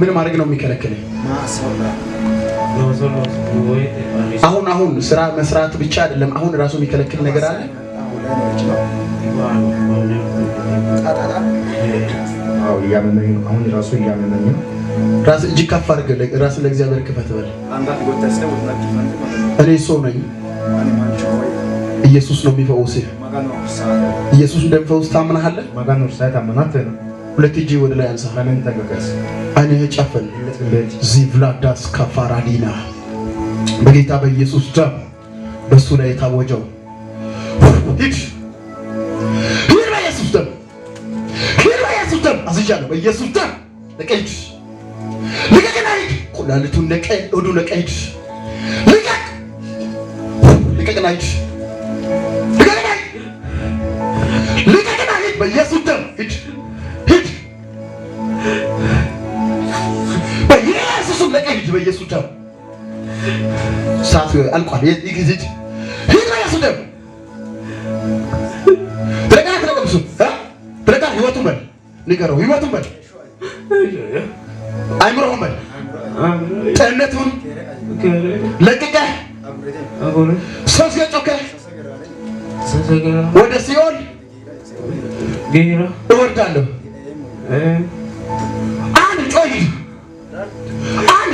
ምን ማድረግ ነው የሚከለክልህ? አሁን አሁን ስራ መስራት ብቻ አይደለም። አሁን ራሱ የሚከለክል ነገር አለ። ራስ እጅ ከፍ አድርገህ ራስን ለእግዚአብሔር ክፈት በል። እኔ ሰው ነኝ፣ ኢየሱስ ነው የሚፈውስህ። ኢየሱስ እንደሚፈውስ ታምናለህ። ሁለት እጅ ወደ ላይ አንሳ። አይንህ ጨፍን። ዚቭላዳስ ከፋራዲና በጌታ በኢየሱስ ደም በእሱ ላይ የታወጀው ሂድ ሂድ፣ በኢየሱስ ደም ሂድ፣ በኢየሱስ ደም አዝዣለሁ። በኢየሱስ ደም ልቀቅ፣ ሂድ፣ ልቀቅና ሂድ። ቁላሊቱን ልቀቅና ሂድ ቁላሊቱን ነቀ ሆዱን ነቀ ልቀቅ ልቀቅና ሂድ ጨው ሰዓት አልቋል። የጊዜ ሂድ ነው ያሱ ደግሞ ትረጋ ትረገብሱ ትረጋ ህይወቱን በል ንገረው፣ ህይወቱን በል አይምሮህን በል ጤንነቱን ለቅቀህ ሶስት ገጮከህ ወደ ሲኦል እወርዳለሁ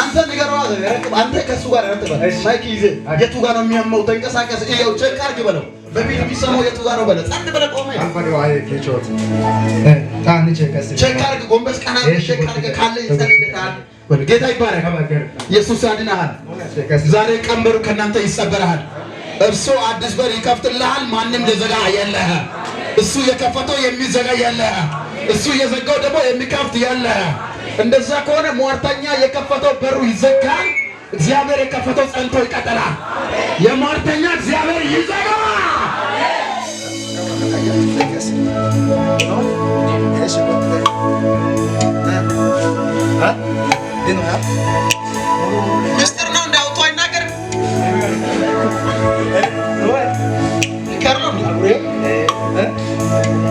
አንተ ንገረው አለ ያረከብ አንተ ከሱ ጋር አረተበል ማይክ ይዘህ የቱ ጋር ነው የሚያመው? ተንቀሳቀስ፣ ይኸው ቼክ አድርግ በለው። በፊት የሚሰማው የቱ ጋር ነው በለው። ጸጥ በለው ቆመ አልፈደው አይ ከቾት ታን ቼክ አድርግ፣ ጎንበስ ቀና ቼክ አድርግ ካለ ይጸልይልሃል። ጌታ ይባረክ። ኢየሱስ ያድንሃል። ዛሬ ቀንበሩ ከእናንተ ይሰበራል። እርሱ አዲስ በር ይከፍትልሃል። ማንም ለዘጋ የለህ። እሱ የከፈተው የሚዘጋ የለህ። እሱ የዘጋው ደግሞ የሚከፍት የለህ። እንደዛ ከሆነ ሟርተኛ የከፈተው በሩ ይዘጋል። እግዚአብሔር የከፈተው ጸንቶ ይቀጥላል። የሟርተኛ እግዚአብሔር ይዘጋል። ምስጢር ነው።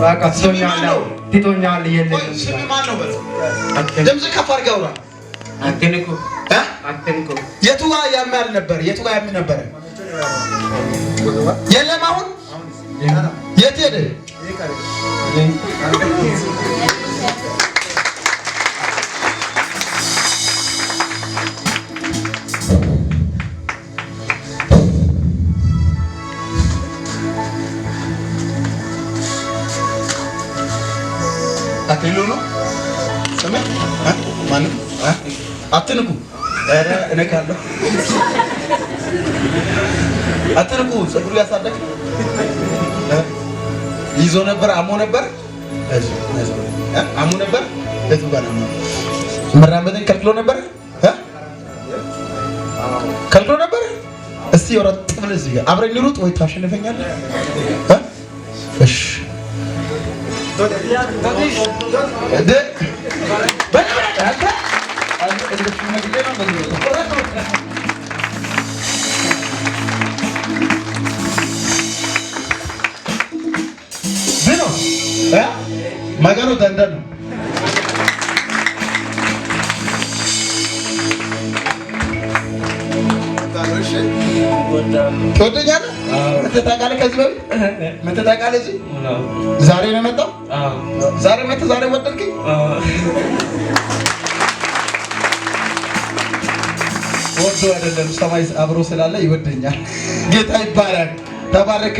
በቃ ትቶኛል፣ ትቶኛል። የለም ስም ድምፅህ ከፍ አድርገህ አውራ። አትንኩ አትንኩ። የቱ ጋር ያምሃል ነበር? የቱ ጋር ያምህ ነበር? የለም አሁን የት ሄደ? አክሊሉ ነው። ስምህ ማነው? አትንኩ። ኧረ እነካለሁ። አትንኩ። ፀጉሩ ያሳደግ ይዞ ነበር። አሞ ነበር። አሞ ነበር። የቱ ጋር ነው? መራመድን ከልክሎ ነበር። ከልክሎ ነበር። እስቲ ወረጥ ብለህ እዚህ ጋር አብረን እንሩጥ ወይ ታሸንፈኛለህ? እሺ Ende? Ben de ende. Ende şuna gidelim mi? magano dandano Karışık. ትወደኛለህ? መተህ ታውቃለህ? ከዚህ በፊት መተህ ታውቃለህ? እዚህ ዛሬ ነው የመጣው። ዛሬ መተህ ዛሬ ወደድከኝ። ወዶ አይደለም ሰማይ አብሮ ስላለ ይወደኛል። ጌታ ይባላል። ተባረክ።